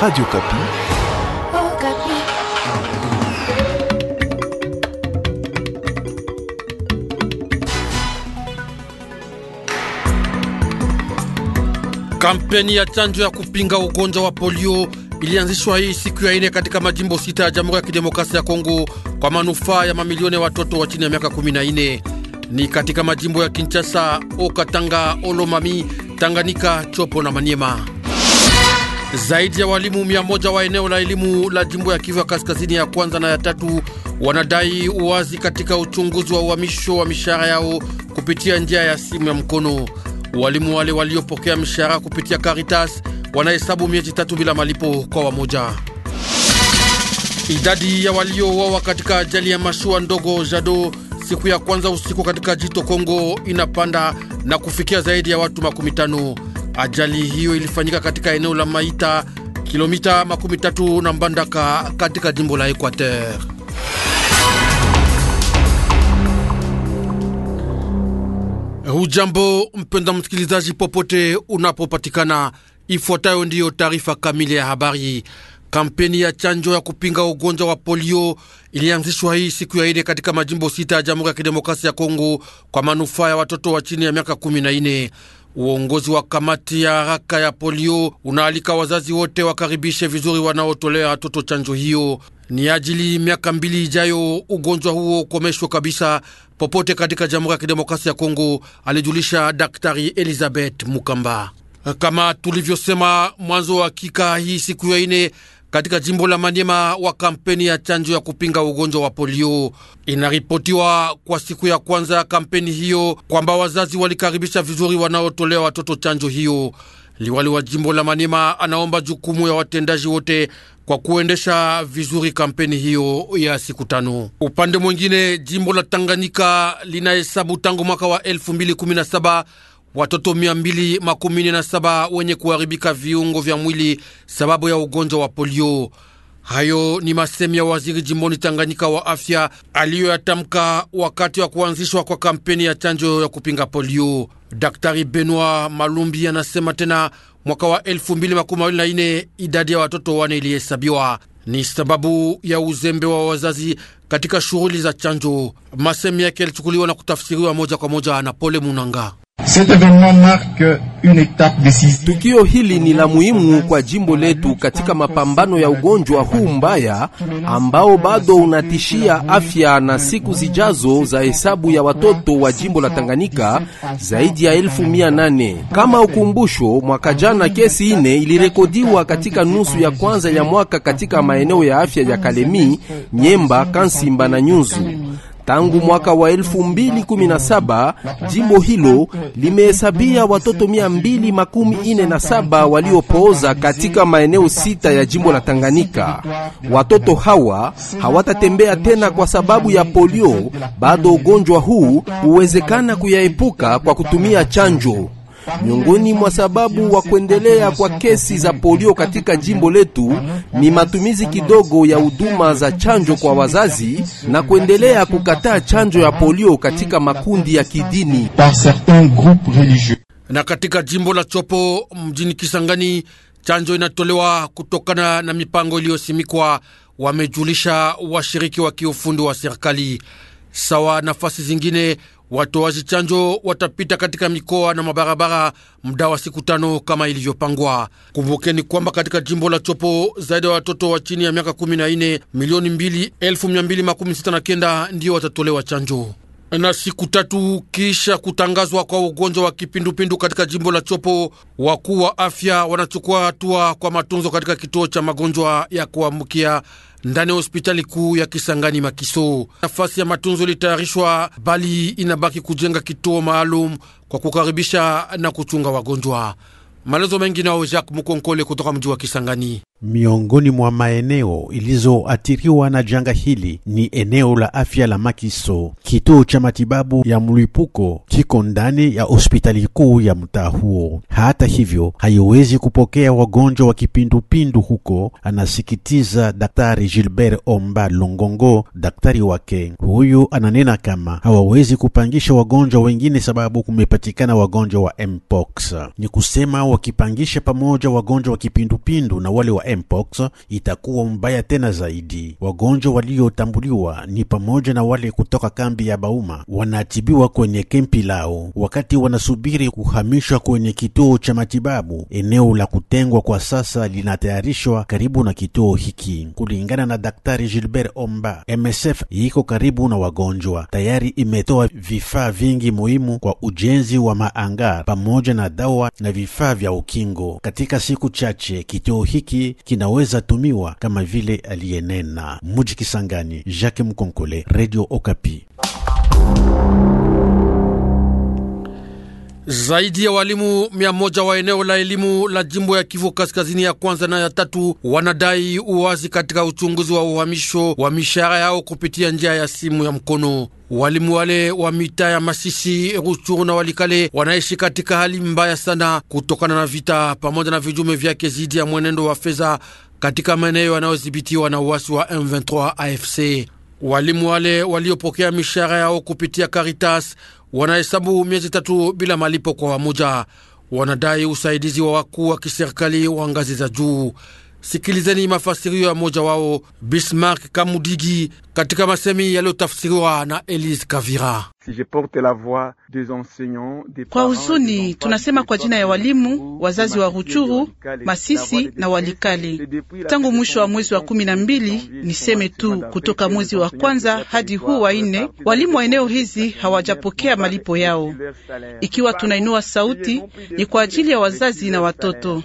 Radio Kapi. Oh, Kapi. Kampeni ya chanjo ya kupinga ugonjwa wa polio ilianzishwa hii siku ya ine katika majimbo sita ya Jamhuri ya Kidemokrasia ya Kongo kwa manufaa ya mamilioni ya watoto wa chini ya miaka 14. Ni katika majimbo ya Kinshasa, Okatanga, Olomami, Tanganyika, Chopo na Maniema. Zaidi ya walimu mia moja wa eneo la elimu la jimbo ya Kivu ya kaskazini ya kwanza na ya tatu wanadai uwazi katika uchunguzi wa uhamisho wa mishahara yao kupitia njia ya simu ya mkono. Walimu wale waliopokea mishahara kupitia Caritas wanahesabu miezi tatu bila malipo kwa wamoja. Idadi ya waliouawa katika ajali ya mashua ndogo Jado siku ya kwanza usiku katika jito Kongo inapanda na kufikia zaidi ya watu makumi tano. Ajali hiyo ilifanyika katika eneo la Maita, kilomita makumi tatu na Mbandaka katika jimbo la Equateur. Hujambo mpenda msikilizaji, popote unapopatikana, ifuatayo ndiyo taarifa kamili ya habari. Kampeni ya chanjo ya kupinga ugonjwa wa polio ilianzishwa hii siku ya ine katika majimbo sita ya Jamhuri ya Kidemokrasia ya Kongo kwa manufaa ya watoto wa chini ya miaka kumi na ine. Uongozi wa kamati ya haraka ya polio unaalika wazazi wote wakaribishe vizuri wanaotolea watoto chanjo hiyo. Ni ajili miaka mbili ijayo ugonjwa huo ukomeshwe kabisa popote katika Jamhuri ya Kidemokrasia ya Kongo, alijulisha Daktari Elizabeth Mukamba. Kama tulivyosema mwanzo, wa kika hii siku ya ine katika jimbo la Manyema wa kampeni ya chanjo ya kupinga ugonjwa wa polio. Inaripotiwa kwa siku ya kwanza ya kampeni hiyo kwamba wazazi walikaribisha vizuri wanaotolea watoto chanjo hiyo. Liwali wa jimbo la Manyema anaomba jukumu ya watendaji wote kwa kuendesha vizuri kampeni hiyo ya siku tano. Upande mwingine, jimbo la Tanganyika linahesabu tangu mwaka wa 217 watoto saba wenye kuharibika viungo vya mwili sababu ya ugonjwa wa polio. Hayo ni masemi ya waziri jimboni Tanganyika wa afya aliyoyatamka wakati wa kuanzishwa kwa kampeni ya chanjo ya kupinga polio. Daktari Benoit Malumbi anasema tena mwaka wa 2024 idadi ya watoto wane ilihesabiwa ni sababu ya uzembe wa wazazi katika shughuli za chanjo. Masemi yake yalichukuliwa na kutafsiriwa moja kwa moja na Pole Munanga. Tukio hili ni la muhimu kwa jimbo letu katika mapambano ya ugonjwa huu mbaya ambao bado unatishia afya na siku zijazo za hesabu ya watoto wa jimbo la Tanganyika zaidi ya elfu mia nane. Kama ukumbusho, mwaka jana kesi ine ilirekodiwa katika nusu ya kwanza ya mwaka katika maeneo ya afya ya Kalemi, Nyemba, Kansimba na Nyunzu. Tangu mwaka wa 2017 jimbo hilo limehesabia watoto 247 waliopooza katika maeneo sita ya jimbo la Tanganyika. Watoto hawa hawatatembea tena kwa sababu ya polio. Bado ugonjwa huu huwezekana kuyaepuka kwa kutumia chanjo. Miongoni mwa sababu wa kuendelea kwa kesi za polio katika jimbo letu ni matumizi kidogo ya huduma za chanjo kwa wazazi na kuendelea kukataa chanjo ya polio katika makundi ya kidini. Na katika jimbo la Chopo mjini Kisangani, chanjo inatolewa kutokana na mipango iliyosimikwa, wamejulisha washiriki wa kiufundi wa serikali. Sawa nafasi zingine Watoaji chanjo watapita katika mikoa na mabarabara muda wa siku tano kama ilivyopangwa. Kumbukeni kwamba katika jimbo la Chopo zaidi ya watoto wa chini ya miaka 14 milioni 2,269 ndiyo watatolewa chanjo. Na siku tatu kisha kutangazwa kwa ugonjwa wa kipindupindu katika jimbo la Chopo, wakuu wa afya wanachukua hatua kwa matunzo katika kituo cha magonjwa ya kuamkia ndani ya hospitali kuu ya Kisangani Makiso. Nafasi ya matunzo ilitayarishwa, bali inabaki kujenga kituo maalum kwa kukaribisha na kuchunga wagonjwa. Maelezo mengi nao Jacques Mukonkole kutoka mji wa Kisangani. Miongoni mwa maeneo ilizoathiriwa na janga hili ni eneo la afya la Makiso. Kituo cha matibabu ya mlipuko kiko ndani ya hospitali kuu ya mtaa huo, hata hivyo haiwezi kupokea wagonjwa wa kipindupindu huko, anasikitiza Daktari Gilbert Omba Longongo. Daktari wake huyu ananena kama hawawezi kupangisha wagonjwa wengine sababu kumepatikana wagonjwa wa mpox, ni kusema wakipangisha pamoja wagonjwa wa kipindupindu na wale wa mpox itakuwa mbaya tena zaidi. Wagonjwa waliotambuliwa ni pamoja na wale kutoka kambi ya Bauma wanatibiwa kwenye kempi lao, wakati wanasubiri kuhamishwa kwenye kituo cha matibabu. Eneo la kutengwa kwa sasa linatayarishwa karibu na kituo hiki. Kulingana na Daktari Gilbert Omba, MSF iko karibu na wagonjwa, tayari imetoa vifaa vingi muhimu kwa ujenzi wa maangar pamoja na dawa na vifaa vya ukingo. Katika siku chache kituo hiki kinaweza tumiwa kama vile aliyenena. Muji Kisangani, Jacques Mkonkole, Radio Okapi. Zaidi ya walimu mia moja wa eneo la elimu la jimbo ya Kivu kaskazini ya kwanza na ya tatu wanadai uwazi katika uchunguzi wa uhamisho wa mishahara yao kupitia njia ya simu ya mkono. Walimu wale wa mitaa ya Masisi, Ruchuru na Walikale wanaishi katika hali mbaya sana kutokana na vita pamoja na vijume vyake zidi ya mwenendo wa fedha katika maeneo yanayodhibitiwa na uasi wa M23 AFC. Walimu wale waliopokea mishahara yao kupitia Caritas wanahesabu miezi tatu bila malipo kwa wamoja. Wanadai usaidizi wa wakuu wa kiserikali wa ngazi za juu. Sikilizeni mafasirio ya moja wao Bismark Kamudigi katika masemi yaliyotafsiriwa na Elise Kavira. Kwa huzuni tunasema kwa jina ya walimu wazazi wa Ruchuru, Masisi na Walikale. Tangu mwisho wa mwezi wa kumi na mbili, niseme tu kutoka mwezi wa kwanza hadi huu wa nne, walimu wa eneo hizi hawajapokea malipo yao. Ikiwa tunainua sauti, ni kwa ajili ya wazazi na watoto.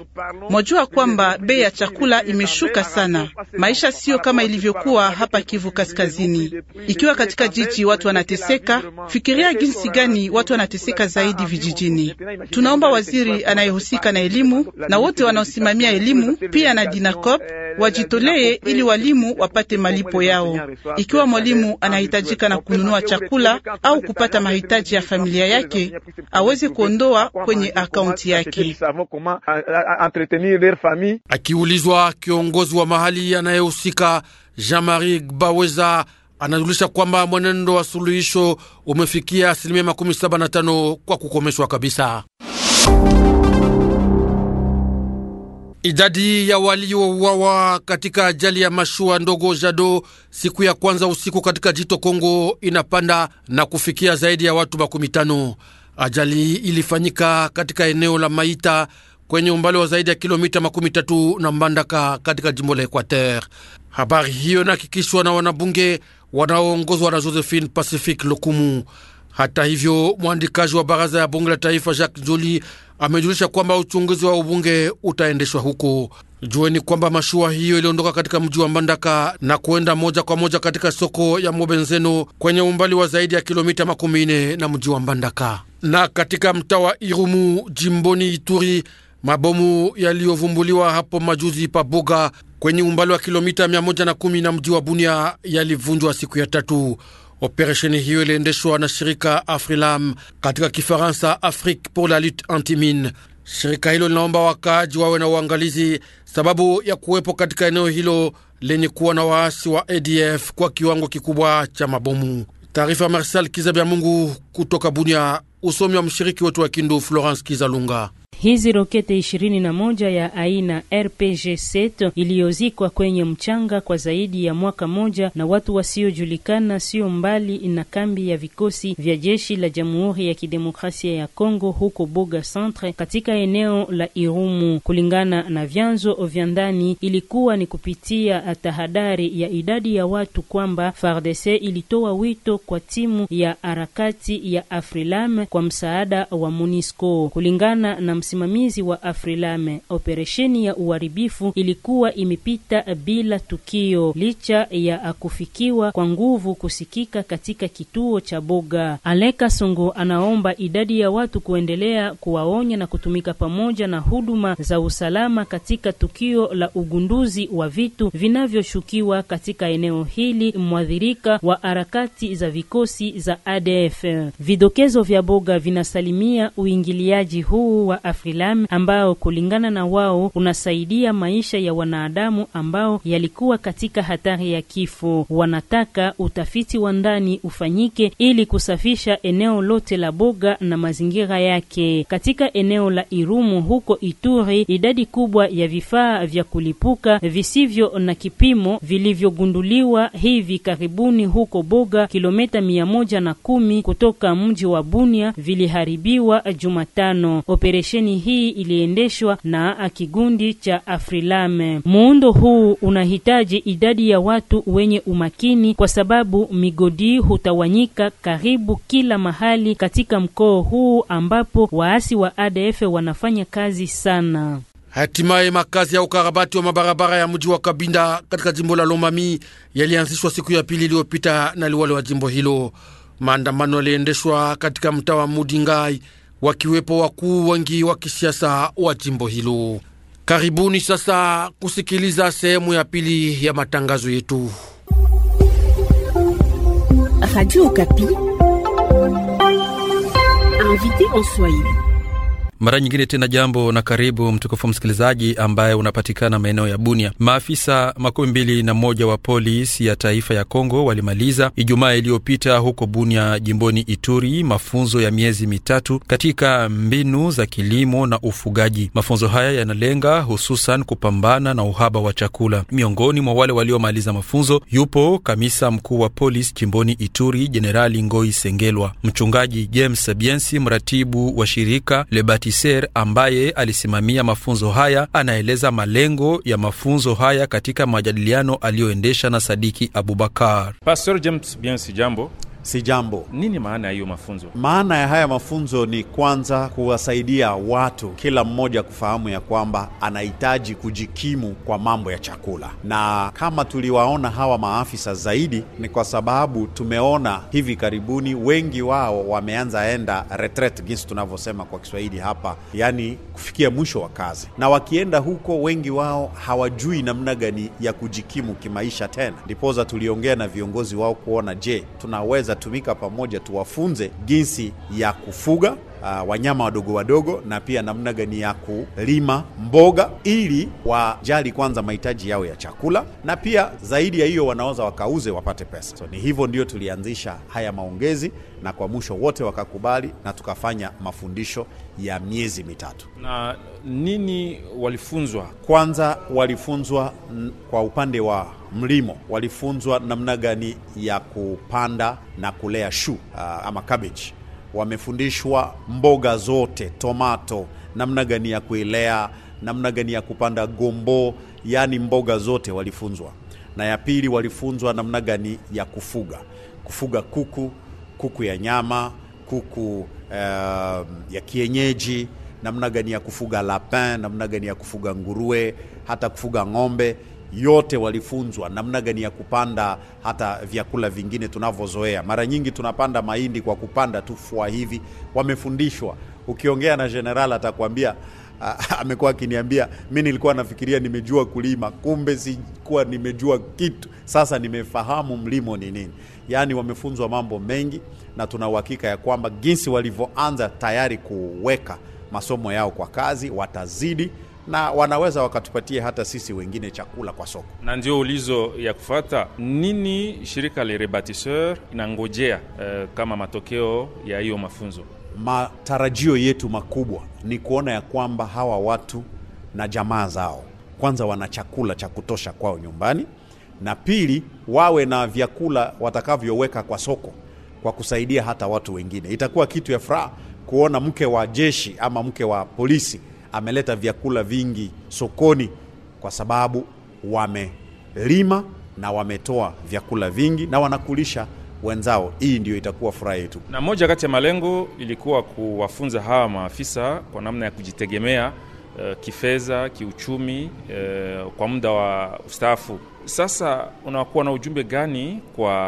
Mwajua kwamba bei ya chakula imeshuka sana. Maisha siyo kama ilivyokuwa hapa Kivu Kaskazini kaskazini. Ikiwa katika jiji watu wanateseka, fikiria jinsi gani watu wanateseka zaidi vijijini. Tunaomba waziri anayehusika na elimu na wote wanaosimamia elimu pia na Dinacop wajitolee ili walimu wapate malipo yao. Ikiwa mwalimu anahitajika na kununua chakula au kupata mahitaji ya familia yake, aweze kuondoa kwenye akaunti yake. Akiulizwa kiongozi wa mahali anayehusika Jean-Marie Gbaweza anajulisha kwamba mwenendo wa suluhisho umefikia asilimia makumi saba na tano kwa kukomeshwa kabisa. Idadi ya waliouawa katika ajali ya mashua ndogo Jado siku ya kwanza usiku katika jito Kongo inapanda na kufikia zaidi ya watu makumi tano. Ajali ilifanyika katika eneo la Maita kwenye umbali wa zaidi ya kilomita makumi tatu na Mbandaka katika jimbo la Equateur. Habari hiyo inahakikishwa na wanabunge wanaoongozwa na Josephine Pacific Lokumu. Hata hivyo, mwandikaji wa baraza ya bunge la taifa Jacques Joli amejulisha kwamba uchunguzi wa ubunge utaendeshwa huko. Jueni kwamba mashua hiyo iliondoka katika mji wa Mbandaka na kuenda moja kwa moja katika soko ya Mobenzeno kwenye umbali wa zaidi ya kilomita makumi nne na mji wa Mbandaka. Na katika mtaa wa Irumu jimboni Ituri Mabomu yaliyovumbuliwa hapo majuzi pa boga kwenye umbali wa kilomita 110 na mji wa Bunia yalivunjwa siku ya tatu. Operesheni hiyo iliendeshwa na shirika Afrilam katika Kifaransa, Afrique pour la lutte antimine. Shirika hilo linaomba wakaaji wawe na uangalizi sababu ya kuwepo katika eneo hilo lenye kuwa na waasi wa ADF kwa kiwango kikubwa cha mabomu. Taarifa Marsal Kizabya Mungu kutoka Bunia, usomi wa mshiriki wetu wa Kindu Florence Kizalunga. Hizi rokete 21 ya aina RPG-7 iliyozikwa kwenye mchanga kwa zaidi ya mwaka moja na watu wasiojulikana sio mbali na kambi ya vikosi vya jeshi la Jamhuri ya Kidemokrasia ya Kongo huko Boga Centre katika eneo la Irumu. Kulingana na vyanzo vya ndani, ilikuwa ni kupitia tahadhari ya idadi ya watu kwamba FARDC ilitoa wito kwa timu ya harakati ya Afrilam kwa msaada wa MONUSCO kulingana na msimamizi wa Afrilame, operesheni ya uharibifu ilikuwa imepita bila tukio, licha ya kufikiwa kwa nguvu kusikika katika kituo cha Boga. Aleka Songo anaomba idadi ya watu kuendelea kuwaonya na kutumika pamoja na huduma za usalama katika tukio la ugunduzi wa vitu vinavyoshukiwa katika eneo hili mwadhirika wa harakati za vikosi za ADF. Vidokezo vya Boga vinasalimia uingiliaji huu wa Afrilam ambao kulingana na wao unasaidia maisha ya wanadamu ambao yalikuwa katika hatari ya kifo. Wanataka utafiti wa ndani ufanyike ili kusafisha eneo lote la Boga na mazingira yake. Katika eneo la Irumu huko Ituri, idadi kubwa ya vifaa vya kulipuka visivyo na kipimo vilivyogunduliwa hivi karibuni huko Boga, kilomita mia moja na kumi kutoka mji wa Bunia viliharibiwa Jumatano. Operesheni Kampeni hii iliendeshwa na akigundi cha Afrilame. Muundo huu unahitaji idadi ya watu wenye umakini, kwa sababu migodi hutawanyika karibu kila mahali katika mkoa huu ambapo waasi wa ADF wanafanya kazi sana. Hatimaye makazi ya ukarabati wa mabarabara ya mji wa Kabinda katika jimbo la Lomami yalianzishwa siku ya pili iliyopita na liwali wa jimbo hilo. Maandamano yaliendeshwa katika mtaa wa Mudingai wakiwepo wakuu wengi wa kisiasa wa jimbo hilo. Karibuni sasa kusikiliza sehemu ya pili ya matangazo yetu. Radio Okapi invité en Swahili. Mara nyingine tena jambo na karibu mtukufu msikilizaji ambaye unapatikana maeneo ya Bunia. Maafisa makumi mbili na moja wa polisi ya taifa ya Kongo walimaliza Ijumaa iliyopita huko Bunia, jimboni Ituri, mafunzo ya miezi mitatu katika mbinu za kilimo na ufugaji. Mafunzo haya yanalenga hususan kupambana na uhaba wa chakula. Miongoni mwa wale waliomaliza mafunzo yupo kamisa mkuu wa polisi jimboni Ituri, Jenerali Ngoi Sengelwa, mchungaji James Sabiensi, mratibu wa shirika Lebati Kiser ambaye alisimamia mafunzo haya anaeleza malengo ya mafunzo haya katika majadiliano aliyoendesha na Sadiki Abubakar. Pastor James Biansi, jambo si jambo. Nini maana ya hiyo mafunzo? Maana ya haya mafunzo ni kwanza kuwasaidia watu, kila mmoja kufahamu ya kwamba anahitaji kujikimu kwa mambo ya chakula, na kama tuliwaona hawa maafisa zaidi ni kwa sababu tumeona hivi karibuni wengi wao wameanza enda retret jinsi tunavyosema kwa Kiswahili hapa, yaani kufikia mwisho wa kazi, na wakienda huko wengi wao hawajui namna gani ya kujikimu kimaisha tena. Ndipoza tuliongea na viongozi wao kuona, je, tunaweza tutatumika pamoja, tuwafunze jinsi ya kufuga uh, wanyama wadogo wadogo na pia namna gani ya kulima mboga ili wajali kwanza mahitaji yao ya chakula, na pia zaidi ya hiyo wanaweza wakauze wapate pesa. So ni hivyo ndio tulianzisha haya maongezi, na kwa mwisho wote wakakubali na tukafanya mafundisho ya miezi mitatu. Na nini walifunzwa? Kwanza walifunzwa kwa upande wa mlimo walifunzwa namna gani ya kupanda na kulea shu uh, ama cabbage wamefundishwa mboga zote, tomato, namna gani ya kuilea, namna gani ya kupanda gombo, yaani mboga zote walifunzwa. Na ya pili walifunzwa namna gani ya kufuga, kufuga kuku, kuku ya nyama, kuku uh, ya kienyeji, namna gani ya kufuga lapin, namna gani ya kufuga nguruwe, hata kufuga ng'ombe yote walifunzwa namna gani ya kupanda hata vyakula vingine tunavyozoea. Mara nyingi tunapanda mahindi kwa kupanda tu fua hivi, wamefundishwa. Ukiongea na general atakwambia amekuwa akiniambia mi nilikuwa nafikiria nimejua kulima, kumbe sikuwa nimejua kitu. Sasa nimefahamu mlimo ni nini. Yaani wamefunzwa mambo mengi, na tuna uhakika ya kwamba jinsi walivyoanza tayari kuweka masomo yao kwa kazi watazidi na wanaweza wakatupatia hata sisi wengine chakula kwa soko. Na ndio ulizo ya kufata, nini shirika Le Rebatisseur inangojea uh, kama matokeo ya hiyo mafunzo? Matarajio yetu makubwa ni kuona ya kwamba hawa watu na jamaa zao kwanza wana chakula cha kutosha kwao nyumbani, na pili wawe na vyakula watakavyoweka kwa soko kwa kusaidia hata watu wengine. Itakuwa kitu ya furaha kuona mke wa jeshi ama mke wa polisi ameleta vyakula vingi sokoni kwa sababu wamelima na wametoa vyakula vingi na wanakulisha wenzao. Hii ndio itakuwa furaha yetu. Na moja kati ya malengo ilikuwa kuwafunza hawa maafisa kwa namna ya kujitegemea uh, kifedha, kiuchumi uh, kwa muda wa ustaafu. Sasa unakuwa na ujumbe gani kwa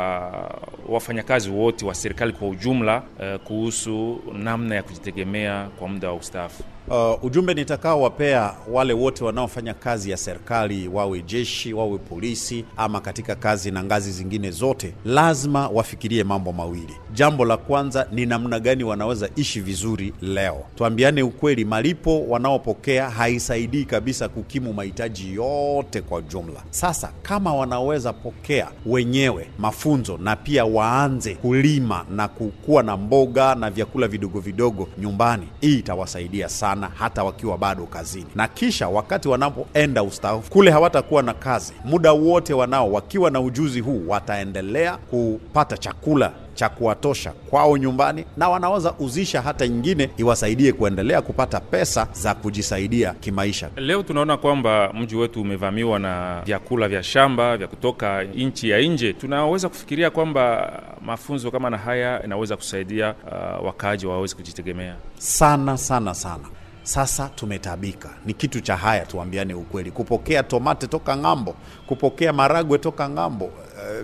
wafanyakazi wote wa serikali kwa ujumla uh, kuhusu namna ya kujitegemea kwa muda wa ustaafu? Uh, ujumbe nitakaowapea wale wote wanaofanya kazi ya serikali, wawe jeshi, wawe polisi, ama katika kazi na ngazi zingine zote, lazima wafikirie mambo mawili. Jambo la kwanza ni namna gani wanaweza ishi vizuri leo. Tuambiane ukweli, malipo wanaopokea haisaidii kabisa kukimu mahitaji yote kwa jumla. Sasa kama wanaweza pokea wenyewe mafunzo na pia waanze kulima na kukuwa na mboga na vyakula vidogo vidogo nyumbani, hii itawasaidia sana sana hata wakiwa bado kazini, na kisha wakati wanapoenda ustaafu kule hawatakuwa na kazi. Muda wote wanao, wakiwa na ujuzi huu, wataendelea kupata chakula cha kuwatosha kwao nyumbani, na wanaweza uzisha hata nyingine iwasaidie kuendelea kupata pesa za kujisaidia kimaisha. Leo tunaona kwamba mji wetu umevamiwa na vyakula vya shamba vya kutoka nchi ya nje. Tunaweza kufikiria kwamba mafunzo kama na haya inaweza kusaidia uh, wakaaji waweze kujitegemea sana sana sana. Sasa tumetabika, ni kitu cha haya, tuambiane ukweli. Kupokea tomate toka ng'ambo, kupokea maragwe toka ng'ambo, uh,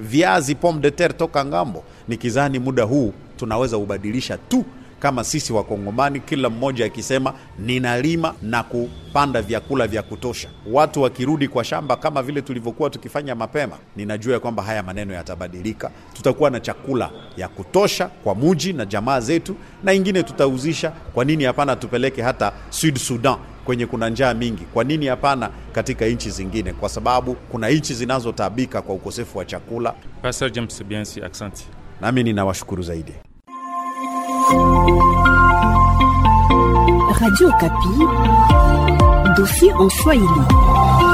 viazi, pomme de terre toka ng'ambo, nikizani muda huu tunaweza ubadilisha tu kama sisi Wakongomani, kila mmoja akisema ninalima na kupanda vyakula vya kutosha, watu wakirudi kwa shamba kama vile tulivyokuwa tukifanya mapema, ninajua kwamba haya maneno yatabadilika. Tutakuwa na chakula ya kutosha kwa muji na jamaa zetu, na ingine tutauzisha. Kwa nini hapana? Tupeleke hata Sud Sudan kwenye kuna njaa mingi. Kwa nini hapana? Katika nchi zingine, kwa sababu kuna nchi zinazotabika kwa ukosefu wa chakula. Pastor James Biansi, asante. Nami ninawashukuru zaidi. Radio Capille dossier en lui.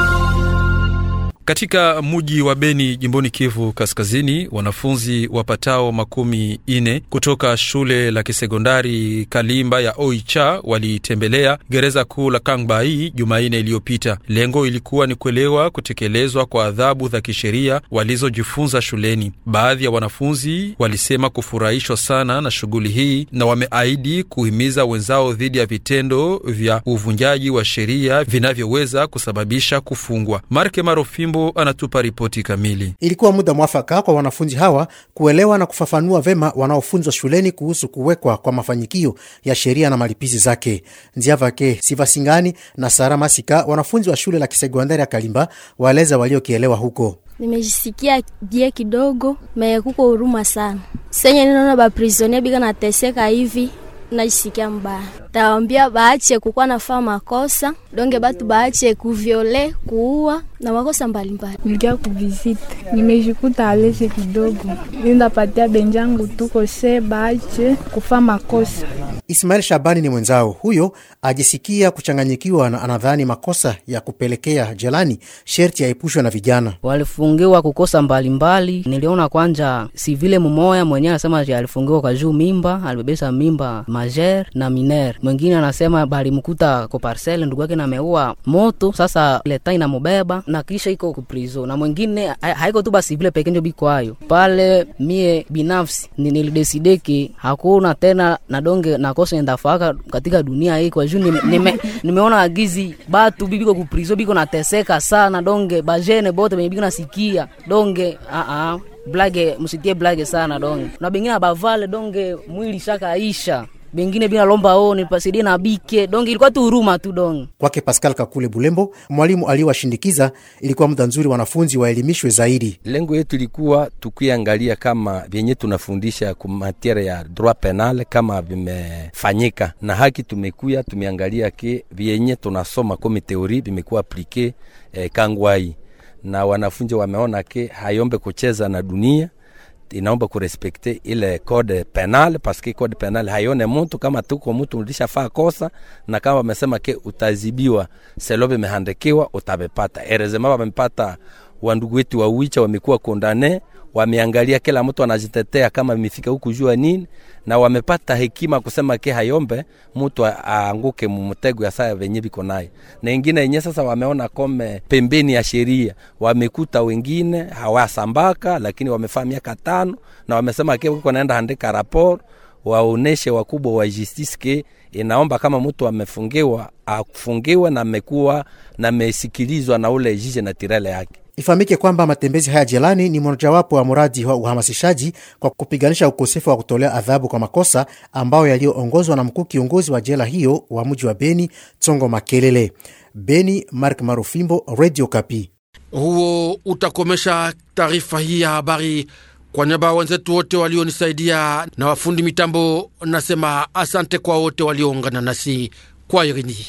Katika mji wa Beni jimboni Kivu Kaskazini, wanafunzi wapatao makumi ine kutoka shule la kisekondari Kalimba ya Oicha walitembelea gereza kuu la kangbai Jumanne iliyopita. Lengo ilikuwa ni kuelewa kutekelezwa kwa adhabu za kisheria walizojifunza shuleni. Baadhi ya wanafunzi walisema kufurahishwa sana na shughuli hii na wameahidi kuhimiza wenzao dhidi ya vitendo vya uvunjaji wa sheria vinavyoweza kusababisha kufungwa. Marke Marofimbo Bigambo anatupa ripoti kamili. Ilikuwa muda mwafaka kwa wanafunzi hawa kuelewa na kufafanua vema wanaofunzwa shuleni kuhusu kuwekwa kwa mafanyikio ya sheria na malipizi zake. Nziavake Sivasingani na Sara Masika, wanafunzi wa shule la kisekondari ya Kalimba, waeleza waliokielewa huko. Nimejisikia bie kidogo mekuko huruma sana senye ninaona baprisonia bika nateseka hivi naisikia mbaya. Tawambia baache kukuwa nafaa makosa donge, batu baache kuviole kuua na makosa mbalimbali. Nilikia kuvisite nimejikuta alese kidogo, nindapatia benjangu tuko se baache kufaa makosa Ismail Shabani ni mwenzao huyo, ajisikia kuchanganyikiwa na anadhani makosa ya kupelekea jelani sherti yaepushwe na vijana. Walifungiwa kukosa mbalimbali mbali. Niliona kwanja si vile mumoya mwenyewe anasema alifungiwa kwa juu mimba, alibebesa mimba majer na miner. Mwingine anasema balimkuta ko parcele ndugu yake nameua moto, sasa leta inamubeba na kisha iko kuprizo, na mwingine haiko tu basi vile pekenjo biko ayo pale. Mie binafsi nilidesideki hakuna tena nadonge na makosa endafaka katika dunia hii kwa juu nime, nime, nimeona agizi batu bibiko kuprizo biko nateseka sana donge bajene bote benye biko nasikia donge uh-uh. blage msitie blage sana donge na bengine abavale donge mwili shakaisha bengine bina lomba oo nipasidie na bike donge, ilikuwa tu huruma tu donge kwake. Pascal Kakule Bulembo, mwalimu aliwashindikiza ilikuwa muda nzuri wanafunzi waelimishwe zaidi. Lengo yetu ilikuwa tukiangalia kama vyenye tunafundisha ku ya droit penal kama vimefanyika na haki, tumekuya tumeangalia ke vyenye tunasoma komi teori vimekuwa aplike eh, kangwai na wanafunzi wameona ke hayombe kucheza na dunia inaomba kurespekte ile code penal paske code penal haione mutu kama tuko mutu ulishafaa kosa, na kama wamesema ke utazibiwa selobe mehandikiwa utabepata erezema wamepata wandugu wetu wawicha wamekuwa kondane wameangalia, kila mtu anajitetea kama imefika huku jua nini, na wamepata hekima kusema ke hayombe mtu aanguke mumtego ya saa venye biko naye. Na ingine yenye sasa wameona kome pembeni ya sheria, wamekuta wengine hawasambaka, lakini wamefaa miaka tano na wamesema ke wiko naenda andika raporo waoneshe wakubwa wa justice ke inaomba kama mtu amefungiwa afungiwe na amekuwa na amesikilizwa na ule jije na tirele yake Ifahamike kwamba matembezi haya jelani ni mojawapo wa mradi wa uhamasishaji kwa kupiganisha ukosefu wa kutolea adhabu kwa makosa ambayo yaliyoongozwa na mkuu kiongozi wa jela hiyo wa mji wa Beni, Tsongo Makelele. Beni, Mark Marufimbo, Radio Kapi. Huo utakomesha taarifa hii ya habari. Kwa niaba ya wenzetu wote walionisaidia na wafundi mitambo, nasema asante kwa wote walioungana nasi kwa irini.